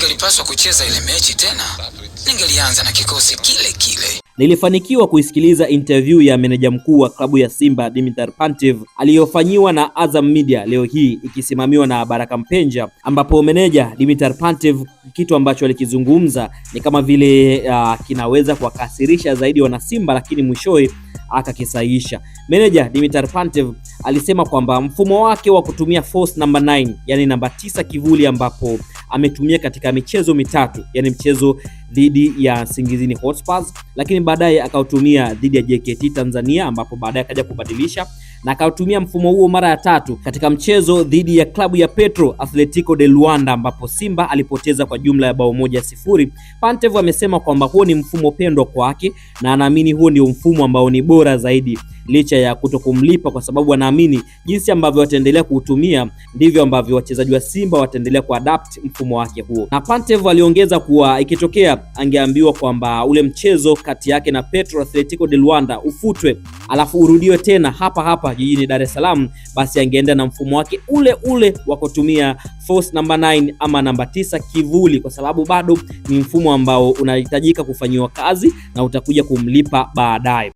Ningelipaswa kucheza ile mechi tena, ningelianza na kikosi kile kile. Nilifanikiwa kuisikiliza interview ya meneja mkuu wa klabu ya Simba Dimitar Pantev aliyofanyiwa na Azam Media leo hii ikisimamiwa na Baraka Mpenja, ambapo meneja Dimitar Pantev kitu ambacho alikizungumza ni kama vile uh, kinaweza kuwakasirisha zaidi wana Simba, lakini mwishowe akakisaisha Meneja Dimitar Pantev alisema kwamba mfumo wake wa kutumia force number 9, yani namba tisa kivuli ambapo ametumia katika michezo mitatu, yani mchezo dhidi ya Singizini Hotspurs, lakini baadaye akautumia dhidi ya JKT Tanzania, ambapo baadaye akaja kubadilisha na akautumia mfumo huo mara ya tatu katika mchezo dhidi ya klabu ya Petro Atletico de Luanda, ambapo Simba alipoteza kwa jumla ya bao moja sifuri. Pantev amesema kwamba huo ni mfumo pendwa kwake na anaamini huo ndio mfumo ambao ni bora zaidi licha ya kutokumlipa, kwa sababu wanaamini jinsi ambavyo wataendelea kuutumia ndivyo ambavyo wachezaji wa Simba wataendelea kuadapt mfumo wake huo. Na Pantev aliongeza kuwa ikitokea angeambiwa kwamba ule mchezo kati yake na Petro Atletico de Luanda ufutwe alafu urudiwe tena hapa hapa jijini Dar es Salaam, basi angeenda na mfumo wake ule ule wa kutumia force namba 9 ama namba 9 kivuli, kwa sababu bado ni mfumo ambao unahitajika kufanyiwa kazi na utakuja kumlipa baadaye.